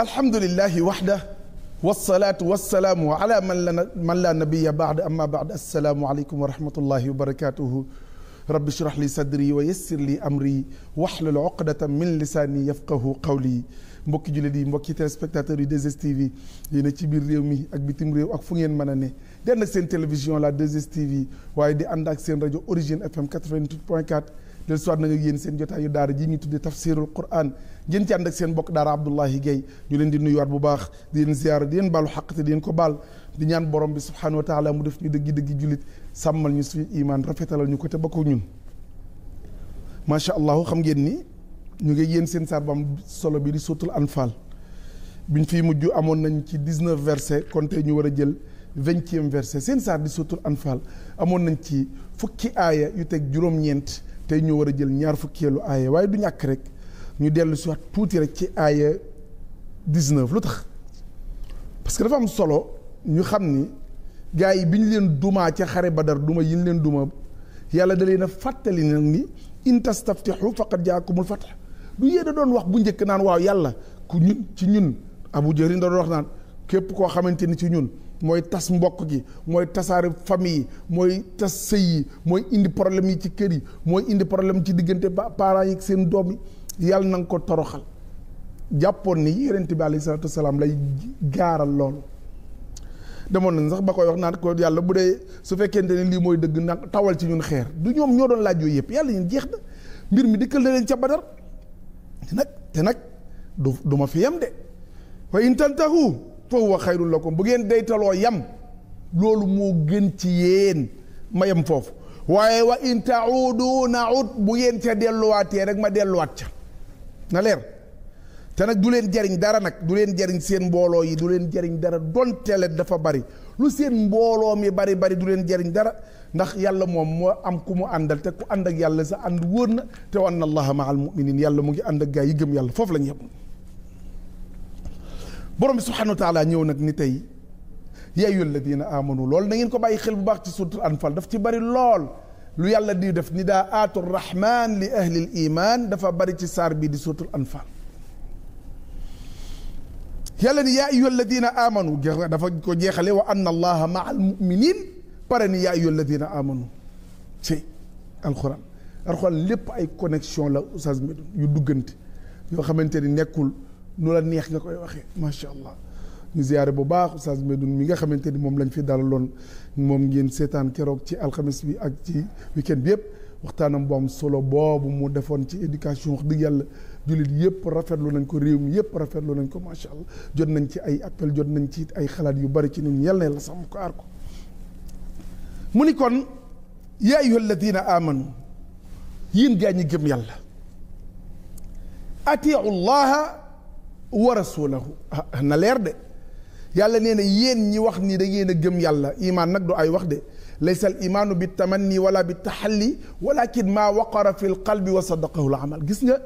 alhamdulilahi waxda wasalaatu wasalaamu ala man la man laa nabiya baad amma baad assalaamu aleykum wa rahmatullahi wa barakatuhu rabbi shrah li sadri wa yassir li amri wahlul uqdatan min lisaani yafqahu qawli mbokki jullit yi mbokki téléspectateurs yu 2STV yi ne ci biir réew mi ak bitim réew ak fu ngeen mën a ne den ak seen télévision la 2STV waaye di ànd ak seen rajo origine fm 88 point 4 del soit na nga yéen seen jotaayu daara ji ñu tudde tafsirul quran ngeen ci ànd seen bokk daara Abdoulahi Gaye ñu leen di nuyuwaat bu baax di leen ziyaara di leen baalu xaq te di leen ko baal di ñaan borom bi subhanahu wa taala mu def ñu dëgg dëgg jullit sàmmal ñu suñu imaan rafetalal ñu ko te bokk ñun macha allah xam ngeen ni ñu ngi yéen seen saar bu solo bi di suutul anfal biñ fiy mujj amoon nañ ci dix verse verset kon tey ñu war a jël vingtième verset seen saar di suutul anfal amoon nañ ci fukki aaya yu teg juróom tey ñu war a jël ñaar fukkeelu aaya waaye du ñàkk rek ñu dellu si tuuti rek ci aaya 19 lu tax parce que dafa am solo ñu xam ni gars yi bi ñu leen dumaa ca xare ba dar duma yi ñu leen duma yàlla da leen a fàttali nag ni in tastaftixu faqad jaakumul fath du yéen a doon wax bu njëkk naan waaw yàlla ku ñun ci ñun abu jahrin da doon wax naan képp koo xamante ni ci ñun mooy tas mbokk gi mooy tasaare famille yi mooy tas sëy yi mooy indi problème yi ci kër yi mooy indi problème ci diggante ba parents yi seen doom yi yàlla na nga ko toroxal jàppoon ni yonent bi alayhi salaatu wasalaam gaaral loolu demoon nañ sax ba koy wax naan ko yàlla bu dee su fekkente ne lii mooy dëgg nag tawal ci ñun xeer du ñoom ñoo doon laaj yooyu yëpp yàlla ñun jeex na mbir mi dikkal na leen ca badar te nag te nag du duma ma fi yem de wa in tantahu foofu wa xayrul lakum bu ngeen daytaloo yam loolu moo gën ci yéen ma yem foofu waaye wa in taudu naud bu ngeen ca delluwaatee rek ma delluwaat ca na leer te nag du leen jariñ dara nag du leen jariñ seen mbooloo yi du leen jariñ dara donte leen dafa bari lu seen mbooloo mi bari bari du leen jariñ dara ndax yàlla moom moo am ku mu àndal te ku ànd ak yàlla sa ànd wóor na te wa anna allaha ma al muminin yàlla mu ngi ànd ak gaa yi gëm yàlla foofu la ñu borom bi subhanahu wa taala ñëw nag ni tey yaa ayyuhal ladina amanu lool na ngeen ko bàyyi xel bu baax ci suuratul anfal daf ci bari lool lu yàlla di def ni daa aatu rahman li dafa bari ci saar bii di suuratul anfal yàlla ni yaa ayyuhal ladina amanu dafa ko jeexale wa anna allaha maa al muminin pare ni yaa ayyuhal ladina ci alquran alquran lépp ay connexion la oustaz mi yu duggante yoo xamante ni nekkul nu la neex nga koy waxee macha allah ñu ziyaare bu baax oustaz Medoune mi nga xamante ni moom lañ fi loon moom ngeen seetaan keroog ci alxames bi ak ci weekend bi yëpp waxtaanam bu am solo boobu mu defoon ci éducation wax dëgg yàlla jullit yëpp rafetlu nañ ko réew mi yëpp rafetlu nañ ko macha allah jot nañ ci ay appel jot nañ ci ay xalaat yu bari ci ñu yàlla na la sàmm ko aar ko mu ni kon yaa ayyuha alladina amanu yéen gaa ñi gëm yàlla wa rasulahu ah, na leer de yàlla nee na yéen ñi wax nii da ngeen a gëm yàlla imaan nag du ay wax de laysa al imaanu bi nii wala bi taxalli walakin maa waqara fi l qalbi wa sadaqahu l amal gis nga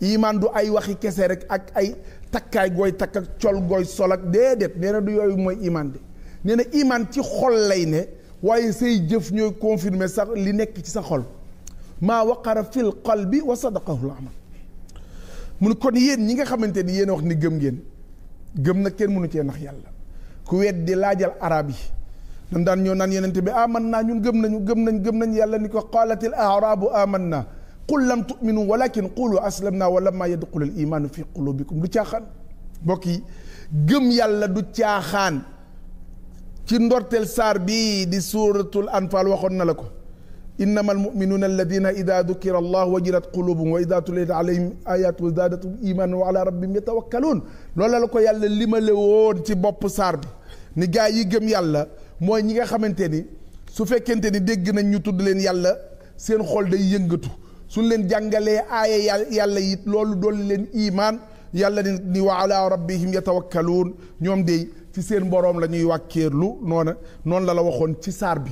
imaan du ay waxi kese rek ak ay takkaay gooy takk ak col gooy sol ak déedéet nee na du yooyu mooy imaan de nee na imaan ci xol lay ne waaye say jëf ñooy confirmer sax li nekk ci sa xol maa waqara fi l qalbi wa sadaqahu amal mun kon yéen ñi nga xamante ni yéen wax ni gëm ngeen gëm na kenn mënu cee nax yàlla ku wet di laajal arab yi dan daan ñoo naan yenente bi aman naa ñun gëm nañu gëm nañ gëm nañ yàlla ni ko qaalatil arabu aman na qul lam tuminu walakin qulu aslam naa wa lamma yadxulu al imaanu fi qulubikum du caaxaan mbokk yi gëm yàlla du caaxaan ci ndorteel saar bi di suuratul anfaal waxoon na la ko innama almuminuuna alladina ida dukira allah wajilat qulubuhum wa ida tuliyat alayhim ayatu zaadatum imanan wa ala rabbihim yatawakkaluun lool la ko yàlla limale woon ci bopp saar bi ni gaa yi gëm yàlla mooy ñi nga xamante ni su fekkente ni dégg nañ ñu tudd leen yàlla seen xool day yëngatu suñ leen jàngalee aaya yàlla it loolu dolli leen imaan yàlla ni ni wa ala rabbihim yatawakkaluun ñoom de ci seen boroom la ñuy lu noona noonu la la waxoon ci saar bi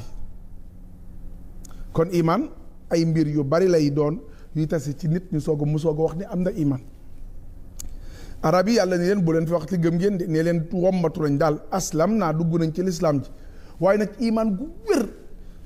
kon imaan ay mbir yu bari lay doon yuy tase ci nit ñu soog a mu soog wax ni am na iman arab yi yàlla ne leen bu leen fi waxati gëm ngeen de ne leen wommatu nañ daal aslam naa dugg nañ ci lislaam ji waaye nag imaan gu wér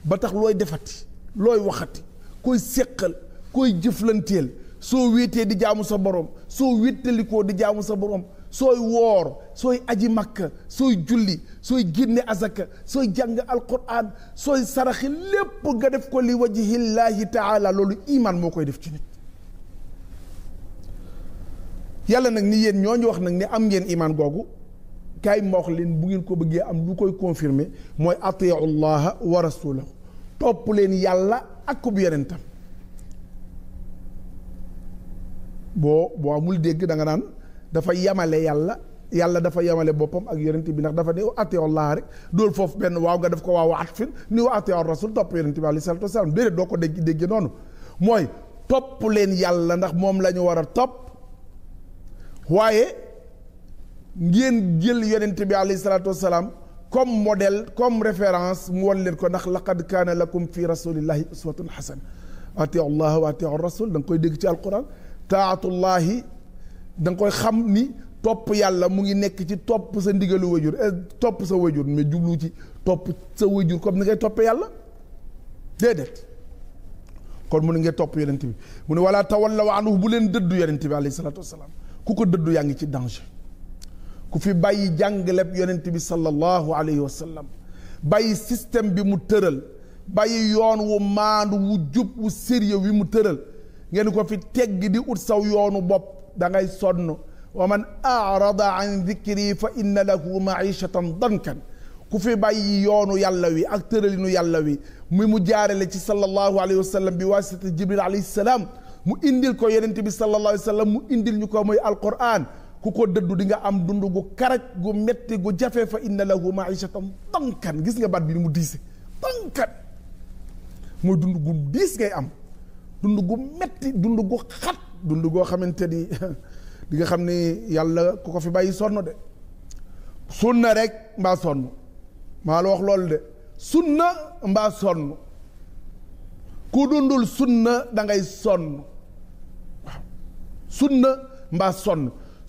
ba tax looy defati looy waxati koy séqal koy jëflanteel soo wéetee di jaamu sa borom soo wéttalikoo di jaamu sa borom sooy woor sooy aji makka sooy julli sooy génne azaka sooy jàng alquran sooy saraxi lépp nga def ko li wajhillaahi taala loolu iman moo koy def ci nit yàlla nag ni yéen ñooñu wax nag ni am ngeen iman googu kaay ma wax leen bu ngeen ko bëggee am lu koy confirmer mooy atiicu llaha wa rasulahu topp leen yàlla ak ko bu yeneen tam boo boo amul dégg danga nga naan dafa yamale yàlla yàlla dafa yamale boppam ak yonent bi ndax dafa ne atiyo laa rek dool foofu benn waaw nga def ko waaw at fin ni wa atiyo rasul topp yonent bi alayhi salaatu wa salaam doo ko dégg dégg noonu mooy topp leen yàlla ndax moom lañu war a topp waaye ngeen jël yonent bi alayhi salaatu wa salaam comme model comme référence mu won leen ko ndax laqad kaana lakum fi rasulillahi uswatun na atiyo allah wa atiyo rasul da nga koy dégg ci alquran taatullahi da koy xam ni topp yàlla mu ngi nekk ci topp sa ndigalu wajur eh, topp sa wajur mais jublu ci topp sa wajur comme ni ngay toppee yàlla déedéet kon mu ne ngay topp yonent bi mu ne la tawallaw anhu bu leen dëddu yonent bi alayhi salaatu wasalaam ku ko dëddu yaa ngi ci danger ku fi bàyyi jàngaleb yonent bi sallallahu alayhi wa sallam bàyyi système bi mu tëral bàyyi yoon wu maandu wu jub wu sérieux wi mu tëral ngeen ko fi tegg di ut saw yoonu bopp da ngay sonn wa man arada an dikri fa inna lahu maishatan ku fi bàyyi yoonu yàlla wi ak tëralinu yàlla wi muy mu jaarale ci sallallahu alayhi wa sallam bi waasitati jibril alayhi salaam mu indil ko yonent bi sallallahu alayhi mu indil ñu ko mooy alquran ku ko dëddu di nga am dund gu karaj gu metti gu jafe fa inna lahu maishatan dankan gis nga baat bi ni mu diise dankan mooy dund gu diis ngay am dund gu metti dund gu xat dund goo xamante ni di nga xam ni yàlla ku ko fi bàyyi sonn de sunna rek mbaa sonn maa la wax loolu de sunna mbaa sonn ku dundul sunna da ngay sonn waaw sunna mbaa sonn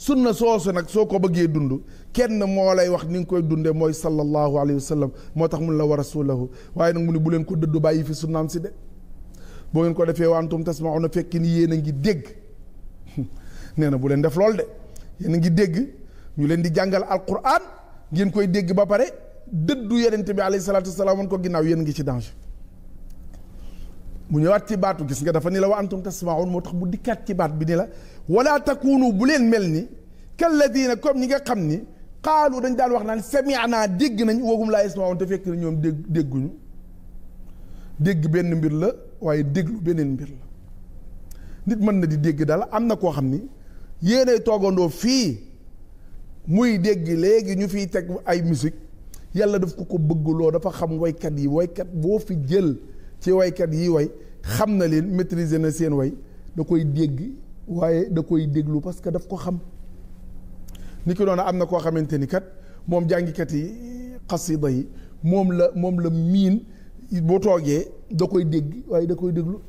sunna soosu nag soo ko bëggee dund kenn moo lay wax ni nga koy dundee mooy sallallahu alayhi wa sallam moo tax mun la wa rasulahu waaye nag mu ni bu leen ko dëddu bàyyi fi sunnaam si de boo ngeen ko defee wa antum tasmauna fekk nii yéen a ngi dégg nee na bu leen def lool de yéen a ngi dégg ñu leen di jàngal alquran ngeen koy dégg ba pare dëddu yonent bi alayhi salaatu wasalaam woon ko ginnaaw yéen ngi ci danger mu ñëwaat ci baatu gis nga dafa ni la wa antum tasmaun moo tax bu dikkaat ci baat bi ni la wala takunu bu leen mel ni kalladina comme ñi nga xam ni xaalu dañ daan wax naan sami'na dégg nañ wahum laa yasma'un te fekk na ñoom dégg dégguñu dégg benn mbir la waaye déglu beneen mbir la nit mën na di dégg dala am na koo xam ni yéenay toggandoo fii muy dégg léegi ñu fiy teg ay musique yàlla daf ko ko bëgguloo dafa xam waykat yi woykat boo fi jël ci waykat yi woy xam na leen maîtriser na seen woy da koy dégg waaye da koy déglu parce que daf ko xam ni ki doon noonu am na koo xamante ni kat moom jàngikat yi xasida yi moom la moom la miin boo toogee da koy dégg waaye da koy déglu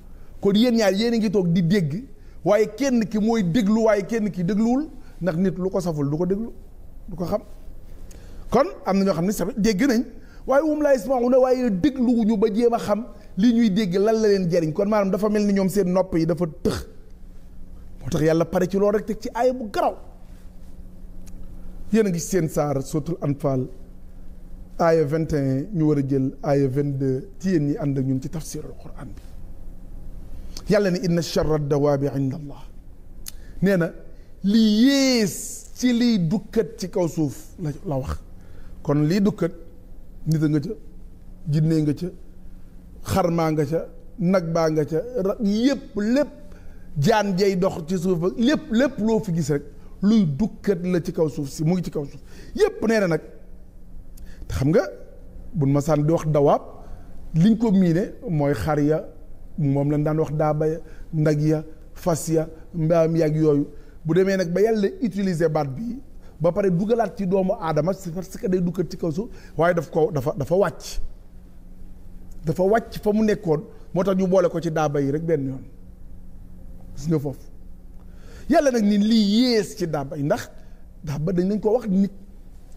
kon yéen ñaar yéen a ngi toog di dégg waaye kenn ki mooy déglu waaye kenn ki dégluwul ndax nit lu ko saful du ko déglu du ko xam kon am na ñoo xam ne sax dégg nañ waaye wum laa ismauna waaye dégluwuñu ba jéem a xam li ñuy dégg lan la leen jariñ kon maanaam dafa mel ni ñoom seen nopp yi dafa tëx moo tax yàlla pare ci loolu rek teg ci aaya bu garaw yéen a ngi seen saar sotul anfal aaya 21 ñu war a jël aaya 22 ci yéen ñi ànd ak ñun ci tafsirul quran bi yàlla ne inna charra dawaabi inda allah nee na li yées ci liy dukkat ci kaw suuf la la wax kon liy dukkat nit a nga ca jinne nga ca maa nga ca nag baa nga ca yépp lépp jaan jay dox ci suuf lépp lépp loo fi gis rek luy dukkat la ci kaw suuf si mu ngi ci kaw suuf yépp nee na nag xam nga buñ ma saan di wax dawaab liñ ko miine mooy xar ya moom lañ daan wax daaba ya ndag ya fas ya mbaam ya yooyu bu demee nag ba yàlla utiliser baat bi ba pare dugalaat ci doomu aadama c'est parce que day duggal ci kaw suuf waaye daf ko dafa dafa wàcc dafa wàcc fa mu nekkoon moo tax ñu boole ko ci daaba yi rek benn yoon gis nga foofu yàlla nag ni lii yées ci daaba yi ndax ba dañ nañ ko wax nit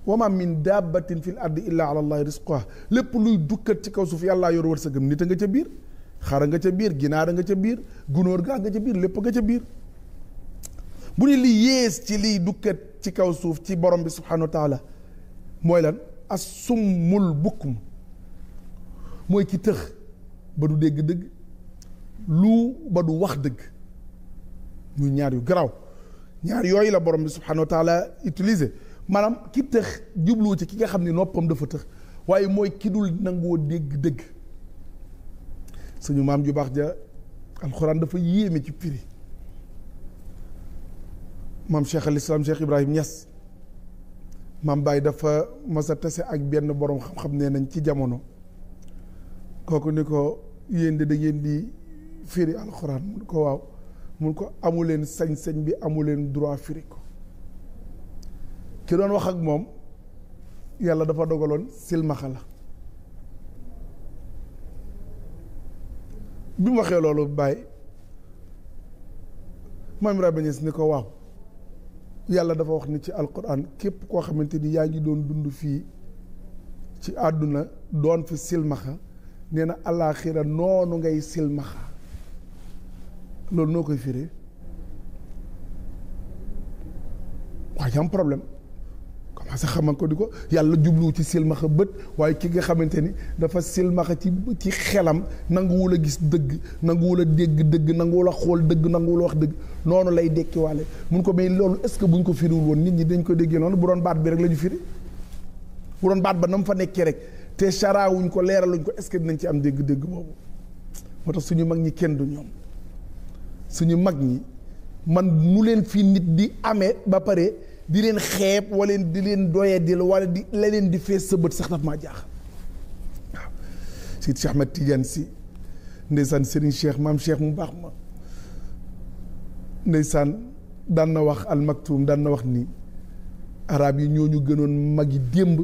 wa ma min dabbatin fil ardi illa ala allahi risquha lépp luy dukkat ci kaw suuf yàllaa yor wërsëgam nit a nga ca biir xara nga ca biir ginaar a nga ca biir gunóor gaa nga ca biir lépp nga ca biir bu ne li yées ci liy dukkat ci kaw suuf ci borom bi subhanahu wa mooy lan as summul bukkum mooy ki tëx ba du dégg dëgg lu ba du wax dëgg muy ñaar yu garaaw ñaar yooyu la borom bi subhanahu wa taala utiliser maanaam ki tëx jubluwu ci ki nga xam ni noppam dafa tëx waaye mooy kii dul nangoo dégg dëgg suñu maam ju baax ja alxuraan dafa yéeme ci firi maam cheikh al islam ibrahim ñas maam Baye dafa masa tase ak benn borom xam-xam nee nañ ci jamono kooku ni ko yéen de da ngeen di firi alxuraan mun ko waaw mun ko amuleen sañ-sañ bi amuleen droit firi ko ci doon wax ak moom yàlla dafa dogaloon silmaxa la bi mu waxee loolu baay maam Ibrahima Niass ni ko waaw yàlla dafa wax ni ci alquran képp koo xamante ni yaa ngi doon dund fii ci àdduna doon fi silmaxa nee na alaaxira noonu ngay silmaxa loolu noo koy firee waaye am problème parce que xamal ko di ko yàlla jubluwu ci silmaxa bët waaye ki nga xamante ni dafa silmaxa ci ci xelam nanguwul a gis dëgg nanguwul a dégg dëgg nanguwul a xool dëgg nanguwul a wax dëgg noonu lay dekkiwaale mun ko may loolu est-ce que bu ñu ko firiwul woon nit ñi dañ ko déggee noonu bu doon baat bi rek la ñu firi bu doon baat ba na mu fa nekkee rek te saraawuñ ko leeraluñ ko est-ce que dinañ ci am dégg-dégg boobu moo tax suñu mag ñi kenn du ñoom suñu mag ñi man nu leen fii nit di amee ba pare di leen xeeb wala di leen doyadil wala di la leen di fees sa bët sax daf maa jaaxal waaw Seydi Cheikh Ahmed Tidiane si ndeysaan Serigne Cheikh maam Cheikh mu baax ma ndeysaan daan na wax almaktum daan na wax nii arab yi ñoo ñu gënoon mag magi démb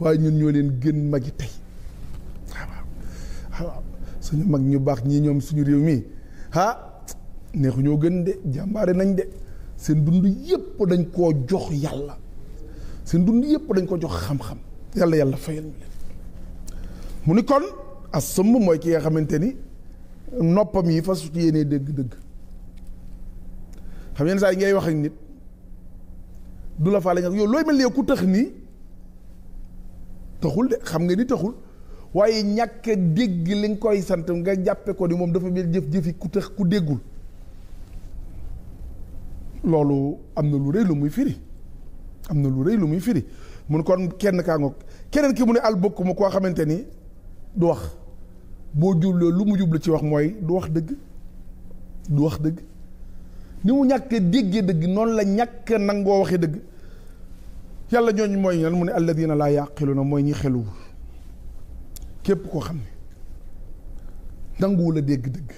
waaye ñun ñoo leen gën magi tey waaw waaw suñu mag ñu baax ñii ñoom suñu réew mi ah neexu ñoo gën de jàmbaare nañ de seen dund yépp dañ koo jox yàlla seen dund yépp dañ ko jox xam-xam yàlla yàlla fayal ñu leen mu ni kon as mooy ki nga xamante ni noppam yi fas yéenee dëgg-dëgg xam ngeen saa yi ngay wax ak nit du la faale nga yow looy mel ni yow ku tax nii taxul de xam nga ni taxul waaye ñàkk dégg li nga koy sant nga jàppe ko ni moom dafa mel jëf-jëfi ku tax ku déggul loolu am na lu rëy lu muy firi am na lu rëy lu muy firi mun kon kenn kaa ngoog keneen ki mu ne al bokk mu koo xamante ni du wax boo jubloo lu mu jublu ci wax mooy du wax dëgg du wax dëgg ni mu ñàkkee déggee dëgg noonu la ñàkk nangoo waxee dëgg yàlla ñooñu mooy ñan mu ne alladina laa na mooy ñi xeluwul képp koo xam ne nanguwul a dégg dëgg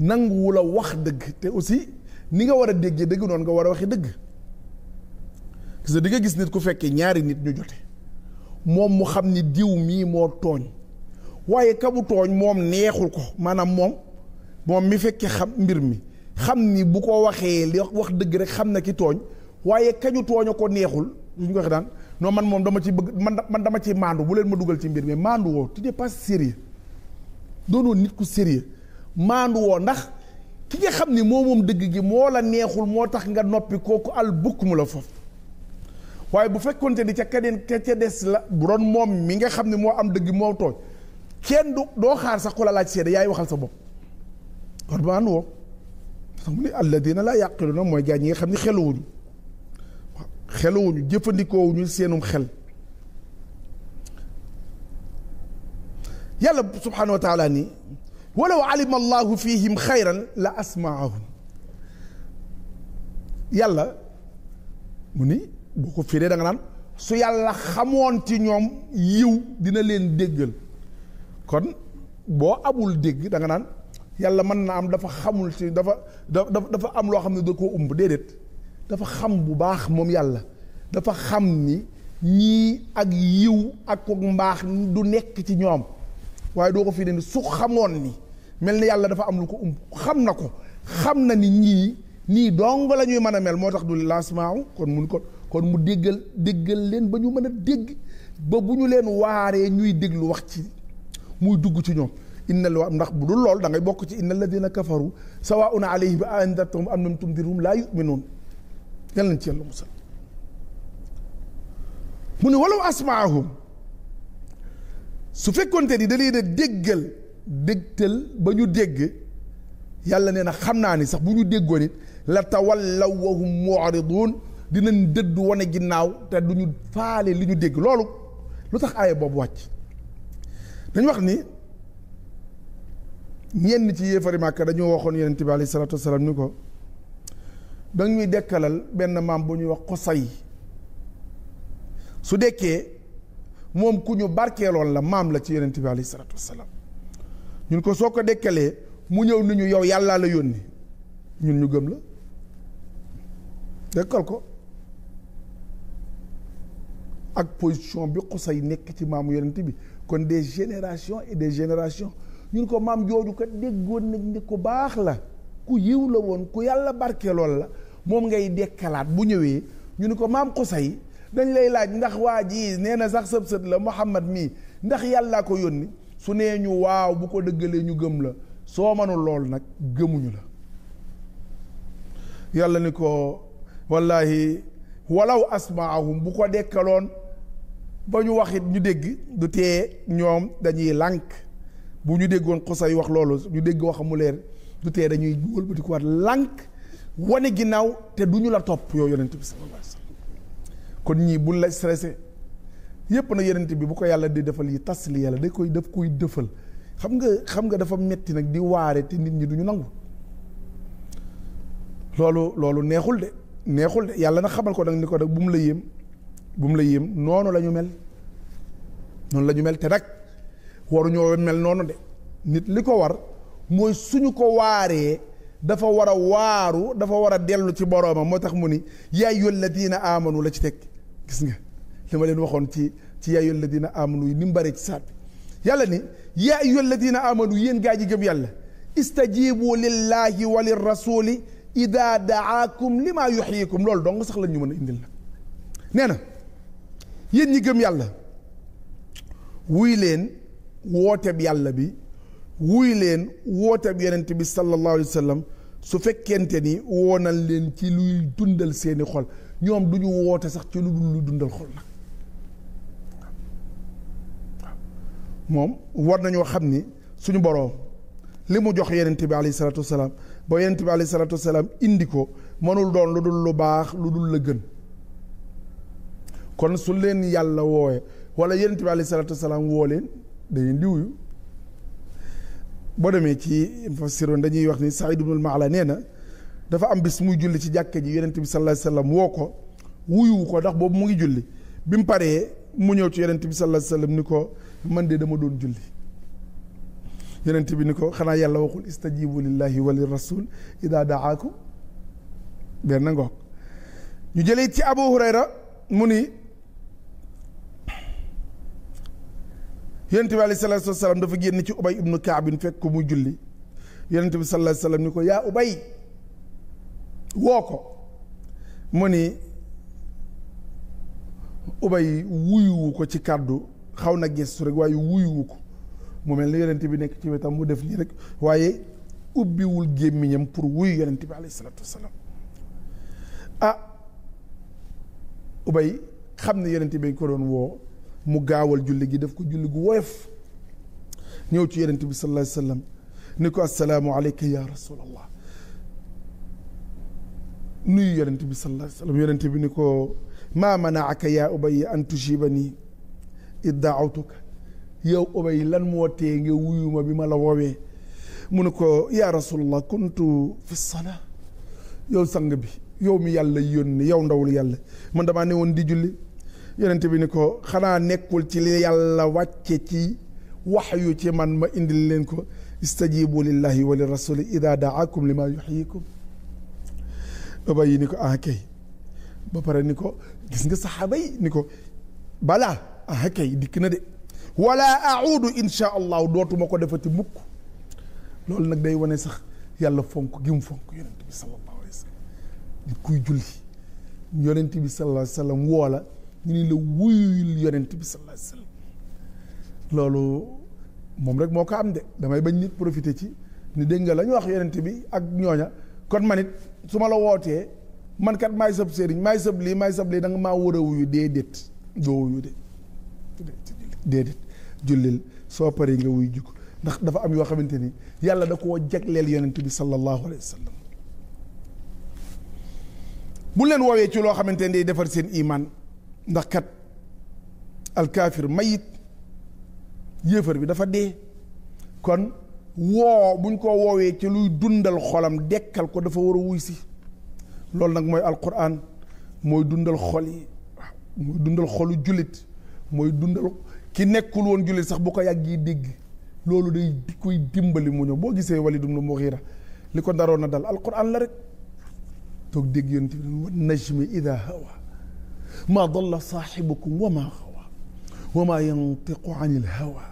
nanguwul a wax dëgg te aussi ni nga war a déggee dëgg noonu nga war a waxee dëgg parce que di nga gis nit ku fekkee ñaari nit ñu jote moom mu xam ni diw mii moo tooñ waaye kamu tooñ moom neexul ko maanaam moom moom mi fekkee xam mbir mi xam ni bu ko waxee li wax dëgg rek xam na ki tooñ waaye kañu tooñ ko neexul ñu ko waxee daan non man moom dama ci bëgg man man dama ci maandu bu leen ma dugal ci mbir mi maandu woo tu n'es pas sérieux doonoon nit ku sérieux maandu woo ndax ki nga xam ni moo moom dëgg gi moo la neexul moo tax nga noppi kooku al bukk mu la foofu waaye bu fekkonte ni ca kadeen ca ca des la bu doon moom mi nga xam ne moo am dëgg moo tooñ kenn du doo xaar sax ku la laaj seede yaay waxal sa bopp kon ba ànd woo sax mu ne alladina mooy gaa ñi nga xam ne xeluwuñu xeluwuñu jëfandikoowuñu seenum xel yàlla subhanahu wa nii walaw alima allahu fihim xayran la asmaahum yàlla mu ni boo ko firee danga naan su yàlla xamoon ci ñoom yiw dina leen déggal kon boo amul dégg danga naan yàlla mën naa am dafa xamul ci dafa dafa dafa am loo xam ne da koo umb déedéet dafa xam bu baax moom yàlla dafa xam ni ñii ak yiw ak ko mbaax du nekk ci ñoom waaye doo ko fi ne ni su xamoon nii mel ni yàlla dafa am lu ko umb xam na ko xam na ni ñii nii dong lañuy mën a mel moo tax du lancement kon mun ko kon mu déggal déggal leen ba ñu mën a dégg ba bu ñu leen waaree ñuy déglu wax ci muy dugg ci ñoom inna la ndax bu dul lool da ngay bokk ci inna alladina kafaru sawaun alayhim a anzartahum am lam tundirhum laa yuminuun yal nañ ci yàlla musal mu ne walaw asmaahum su fekkoonte ni da leen déggal dégtal ba ñu dégg yàlla nee na xam naa ni sax bu ñu déggoon it la tawallaw wa hum mu'ridun dinañ dëdd wane ginnaaw te du ñu faale li ñu dégg loolu lu tax aaya boobu wàcc dañu wax ni ñenn ci yéefari Màkka dañoo waxoon yonent bi alayhi salaatu wasalaam ni ko danga ñuy dekkalal benn maam bu ñuy wax ko say su dekkee moom ku ñu barkeeloon la maam la ci yonent bi alayhi salaatu wasalaam ñun ko soo ko dekkalee mu ñëw ni ñu yow yàllaa la yónni ñun ñu gëm la dekkal ko ak position bi xusay nekk ci maamu yonent bi kon des générations et des générations ñun ko maam jooju ko déggoon nañ ni ku baax la ku yiw la woon ku yàlla barke lool la moom ngay dekkalaat bu ñëwee ñu ni ko maam xusay dañ lay laaj ndax waa ji nee na sax sëb sët la Muhammad mii ndax yàllaa ko yónni su nee ñu waaw bu ko dëggalee ñu gëm la soo mënul lool nag gëmuñu la yàlla ni ko wallahi wallaw asmaahum bu ko dekkaloon ba ñu waxit ñu dégg du tee ñoom dañuy lànk bu ñu déggoon xusay wax loolu ñu dégg wax mu leer du tee dañuy wëlbatikuwaat lànk wane ginnaaw te du ñu la topp yow yonent bi sallallahu alayhi wasallam kon ñii bu la stressé yépp na yenent bi bu ko yàlla di defal yi tas li yàlla da koy def koy dëfal xam nga xam nga dafa metti nag di waare te nit ñi duñu nangu loolu loolu neexul de neexul de yàlla na xamal ko nag ni ko nag bu mu la yem bu la yéem noonu la ñu mel noonu la ñu mel te nag waruñoo mel noonu de nit li ko war mooy suñu ko waaree dafa war a waaru dafa wara dellu ci boroomam moo tax mu ni yaa ayyuhal ladiina aamanu la ci teg gis nga li ma leen waxoon ci ci yaa ayyuhal ladina amanu ni mu bare ci saat bi yàlla ni yaa ayyuhal ladina amanu yéen gaa ji gëm yàlla istajibu lillahi wa lirrasuli ida daakum li maa yuxyikum loolu dong sax la ñu mën a indil nag nee na yéen ñi gëm yàlla wuy leen wooteb yàlla bi wuy leen wooteb yonent bi sallallahu alayhi wa su fekkente ni woonal leen ci luy dundal seeni xol ñoom du ñu woote sax ci lu dul luy dundal xol nag moom war nañoo xam ni suñu boroom li mu jox yenent bi alayhi salaatu wasalaam ba yenent bi alayhi salaatu wasalaam indi ko mënul doon lu dul lu baax lu dul la gën kon su leen yàlla woowe wala yenent bi alayhi salaatu wasalaam woo leen dañuy boo demee ci mufassiroon dañuy wax ni Saïd ibnul Maala nee na dafa am bis muy julli ci jàkka ji yonent bi sallallahu alayhi woo ko wuyu ko ndax boobu mu ngi julli bi mu paree mu ñëw ci yonent bi sallallahu alayhi wasallam ni ko man de dama doon julli yonent bi ni ko xanaa yàlla waxul istajibu lillahi wa lirasul ida daakum benn ngoog ñu jëlee ci abu hurayra mu ni yonent bi alayhi salatu dafa génn ci ubay ibnu kaabin fekk ko muy julli yonent bi sallallahu alayhi wasallam ni ko yaa ubay woo ko mu ni ubay wuyuwu ko ci kàddu xaw na gestu rek waaye wuyuwu ko mu mel ni yonent bi nekk ci wetam mu def nii rek waaye ubbiwul gémmiñam pour wuyu yonent bi alayhi salaatu wasalaam ah, ubay xam ne yonent bi ko doon woo mu gaawal julli gi def ko julli gu woyof ñëw ci yonent bi sallallahu alayhi wasallam ni ko assalaamu alayka ya rasulallah nuyu yonent bi sallallahu alayhi bi ni ko maa manaaka yaa ubay an tushibani id daawtuka yow ubay lan moo tee nga wuyuma bi ma la woowee mu ne ko yaa rasulallah kuntu fi salaa yow sang bi yow mi yàlla yónni yow ndawul yàlla man damaa ne woon di julli yonent bi ni ko xanaa nekkul ci li yàlla wàcce ci waxyu ci man ma indi leen ko istajibu lillahi wa li rasuli ida daakum li maa yuxyikum ubay ni ko ah kay ba pare ni ko gis nga saxaaba yi ni ko balaa ah kay dikk na de wala audu insha allahu dootuma ko defati mukk loolu nag day wane sax yàlla fonk gi fonk yonent bi sallallahu alayhi wa sallam di kuy julli yonent bi sallallahu woo la ñu ni la wuyul yonent bi sallallahu loolu moom rek moo ko am de damay bañ nit profité ci ni dégg nga la ñu wax yonent bi ak ñooña kon man it su ma la wootee man kat maay sab sëriñ maay lii maay sab lii da maa war a wuyu déedéet doo wuyu de déedéet jullil soo paree nga wuyu jikko ndax dafa am yoo xamante ni yàlla da koo jagleel yonent bi sallallahu alayhi wa sallam bu leen woowee ci loo xamante ni day defar seen iman ndax kat alkaafir mayit yéefar bi dafa dee kon woo buñ ko woowee ci luy dundal xolam dekkal ko dafa war a wuy si loolu nag mooy alquran mooy dundal xol yi mooy dundal xolu julit mooy dundal ki nekkul woon jullit sax bu ko yàgg dégg loolu day koy dimbali mu ñëw boo gisee Walid ibn Mughira li ko ndaroon na dal alquran la rek toog dégg yonent bi wa najmi ida hawa maa dalla saaxibukum wa maa xawa wa maa yantiqu an il hawa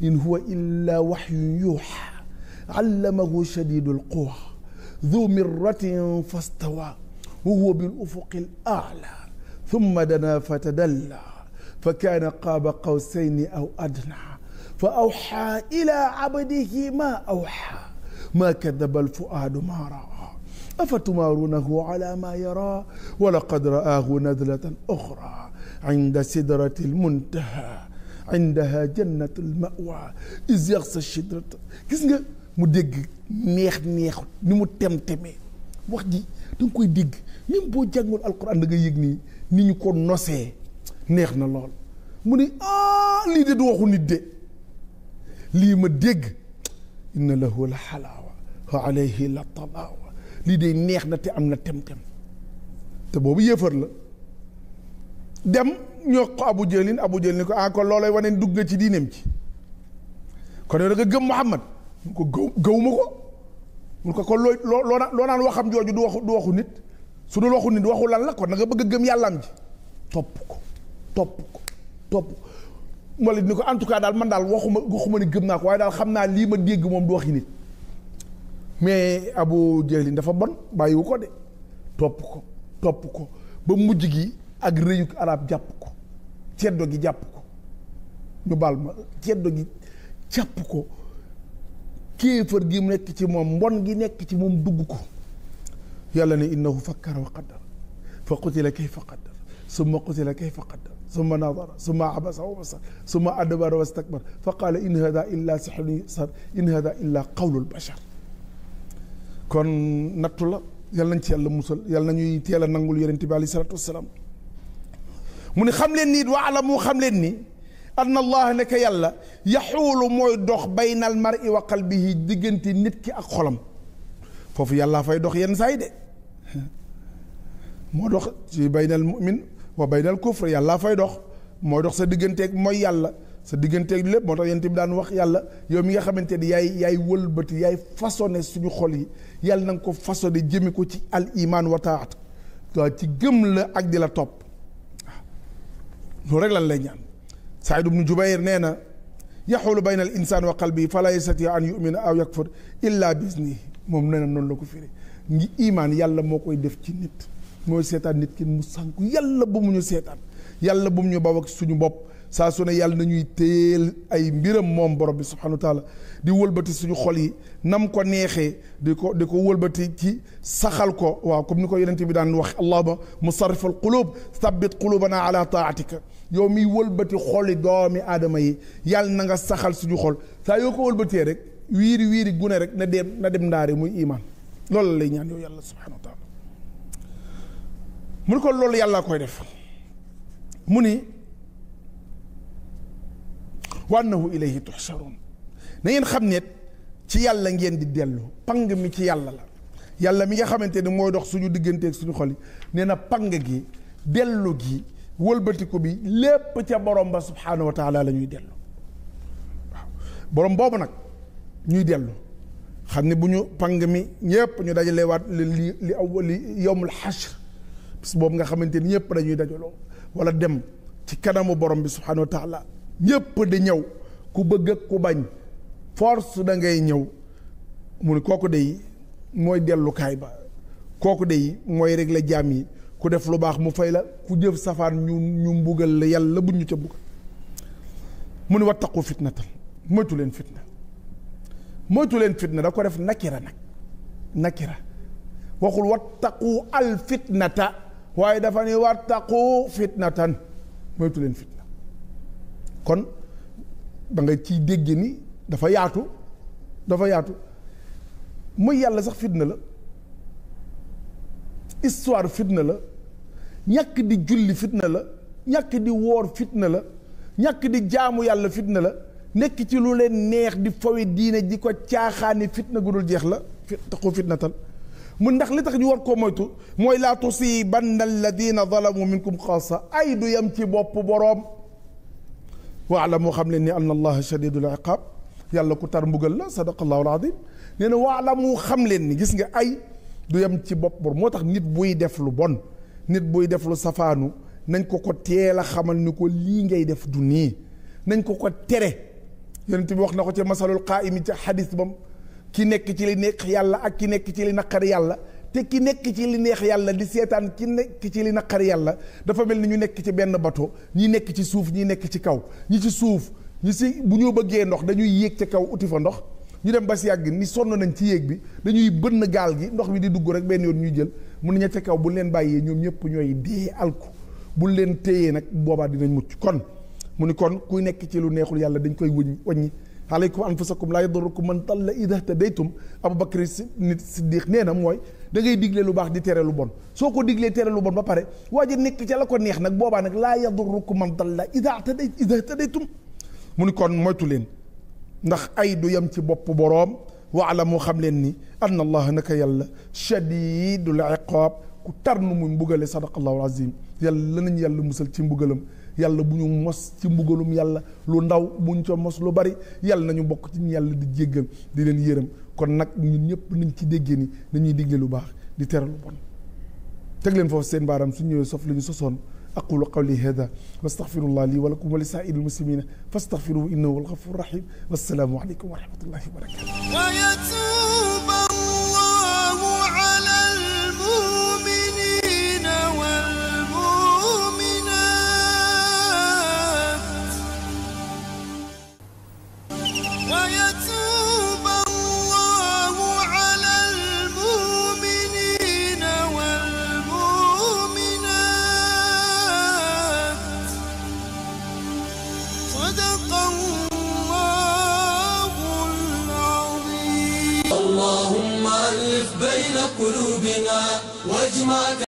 in huwa illa waxyun yuuxa allamahu shadiidul quwa ذو مرة فاستوى وهو بالأفق الأعلى ثم دنا فتدلى فكان قاب قوسين أو أدنى فأوحى إلى عبده ما أوحى ما كذب الفؤاد ما رأى أفتمارونه على ما يرى ولقد رآه نزلة أخرى عند سدرة المنتهى عندها جنة المأوى إذ يغشى الشجرة gis nga mu dégg neex neex ni mu tem temee wax ji da koy dégg même boo jàngul alquran da yëg nii ni ñu ko nosee neex na lool mu ne ah lii de du waxu nit de lii ma dégg inna lahu la xalaawa wa alayhi la talaawa lii de neex na te am na tem-tem te boobu yéefar la dem ñoo ko abu jëlin abu jëlin ko ah kon loolay waneen dugg nga ci diineem ci kon yow da nga gëm Muhammad mun ko gëw ma ko mun ko kon loo loo loo naan waxam jooju du waxu du waxu nit su dul waxu nit waxu lan la kon na bëgg gëm yàllaam ji topp ko topp ko topp ko Mawalé ko en tout cas daal man daal waxuma waxuma ni gëm naa ko waaye daal xam naa lii ma dégg moom du waxi nit mais Abu Jahlin dafa bon bàyyiwu ko de topp ko topp ko ba mujj gi ak rëyuk arab jàpp ko ceddo gi jàpp ko ñu baal ma ceddo gi jàpp ko kéefër gi mu nekk ci moom mbon gi nekk ci moom dugg ko yàlla ne innahu fakkara wa qaddar fa qutila kayfa qaddar summa qutila kayfa qaddar summa nadara summa abasa wa basar summa adbara wa stakbar fa qaala in hada illa sihrun hada illa qawlul bashar kon nattu la yàlla nañ ci yàlla musal yàlla nañuy teel a nangul yonente bi alayhi mu ne xam leen ni wa alamu xam leen nii anna allah nekk yàlla yaxuulu mooy dox baynal mar'i wa qalbihi diggante nit ki ak xolam foofu yàlla fay dox yenn saa yi de moo dox ci baynal mu'min wa baynal kufr yàlla fay dox mooy dox sa digganteeg mooy yàlla sa digganteeg lépp moo tax yéen tamit daan wax yàlla yow mi nga xamante ni yaay yaay wëlbati yaay ne suñu xol yi yàlla na nga ko façonné jëme ko ci al iman wa taat ci gëm la ak di la topp waaw loolu rek lan lay ñaan. Saïd ibnu Jubayr nee na yaxulu bayna al insaan wa qalbi fala yastati an yumina aw yakfur illa bisni moom nee na noonu la ko firi ngi imaan yàlla moo koy def ci nit mooy seetaan nit ki mu sànku yàlla bu mu ñu seetaan yàlla bu mu ñu baw ak suñu bopp saa su ne yàlla na nañuy téyeel ay mbiram moom borom bi subhanahu wa di wëlbati suñu xol yi nam ko neexee di ko di ko walbati ci saxal ko waaw comme ni ko yonente bi daan wax allahuma musarrif al qulub thabbit qulubana ala taatika yow miy wëlbati xoli doomi aadama yi yàlla na nga saxal suñu xol saa yoo ko wëlbatee rek wiiri wiiri gune rek na dem na dem ndaari muy iman lool la lay ñaan yow yàlla subhanahu wa taala mu ko loolu yàlla koy def mu ni wa annahu ilayhi tuhsharun na ngeen xam ne ci yàlla ngeen di dellu pang mi ci yàlla la yàlla mi nga xamante ni mooy dox suñu digganteeg suñu xol yi nee na pang gi dellu gi wëlbatiku bi lépp ca borom ba subhaanahu wa taala la ñuy dellu waaw borom boobu nag ñuy dellu xam ne bu ñu pang mi ñëpp ñu dajale waat li li li aw li yowmul xashr bis boobu nga xamante ni ñëpp dañuy dajaloo wala dem ci kanamu borom bi subhaanahu wa taala ñëpp di ñëw ku bëgg ak ku bañ force da ñëw mu ne kooku day mooy dellukaay ba kooku day mooy régler jaam yi ku def lu baax mu fay la ku jëf safaan ñu ñu mbugal la yàlla bu ñu ca mbugal mu ne wattaqu fitnatal moytu leen fitna moytu leen fitna da ko def nakira nag nakira waxul wattaqu al fitnata waaye dafa ne wattaqu fitnatan moytu leen fitna kon da nga ciy dégg ni dafa yaatu dafa yaatu muy yàlla sax fitna la histoire fitna la ñàkk di julli fitna la ñàkk di woor fitna la ñàkk di jaamu yàlla fitna la nekk ci lu leen neex di fawe diine di ko caaxaani fitna gudul jeex la taxu fitnatal mu ndax li tax ñu war koo moytu mooy laa tusibanna alladina zalamu minkum xaasa ay du ci bopp boroom waalamu xam leen ni anna allaha shadidul iqaab yàlla ku tar mbugal la sadaqallahu alazim nee na waalamu xam leen ni gis nga ay du yem ci bopp bor moo tax nit buy def lu bon nit buy def lu safaanu nañ ko ko teel a xamal ni ko lii ngay def du nii nañ ko ko tere yonent bi wax na ko ci masalul qaa'imi ca xadis bam ki nekk ci li neex yàlla ak ki nekk ci li naqari yàlla te ki nekk ci li neex yàlla di seetaan ki nekk ci li naqari yàlla dafa mel ni ñu nekk ci benn bato ñi nekk ci suuf ñi nekk ci kaw ñi ci suuf ñi si bu ñu bëggee ndox dañuy yéeg ci kaw uti fa ndox ñu dem ba si yàgg ni sonn nañ ci yéeg bi dañuy bënn gaal gi ndox mi di dugg rek benn yoon ñuy jël mun nañu ca kaw bu leen bàyyee ñoom ñëpp ñooy dee alku bu leen téyee nag boobaa dinañ mucc kon mu ni kon kuy nekk ci lu neexul yàlla dañ koy wëñ wàññi alaykum anfusakum laa yadurrukum man dalla idha tadaytum Abubakar nit Siddiq nee na mooy da ngay digle lu baax di tere lu soo ko diglee tere lu ba pare waa ji nekk ca ko neex nag boobaa nag laa yadurrukum man dalla idha tadaytum mu ni kon moytu leen ndax ay du yam ci bopp boroom waalamu xam leen ni anna allah naka yàlla la iqaab ku tar nu mu mbugale sadaqallahu azim yàlla nañ yàlla musal ci mbugalam yàlla bu ñu mos ci mbugalum yàlla lu ndaw bu ñu ca mos lu bari yàlla nañu bokk ci yàlla di jéggal di leen yërëm kon nag ñu ñëpp nañ ci déggee ni dañuy digle lu baax di tere lu bon teg leen foofu seen baaram su ñëwee sof la ñu sosoon aqulu qawli hada wastaghfirullah li wa lakum wa li saa'iril muslimina fastaghfiruhu innahu huwal ghafurur rahim wassalaamu aleykum wa rahmatullahi wa barakatuh قلوبنا واجمع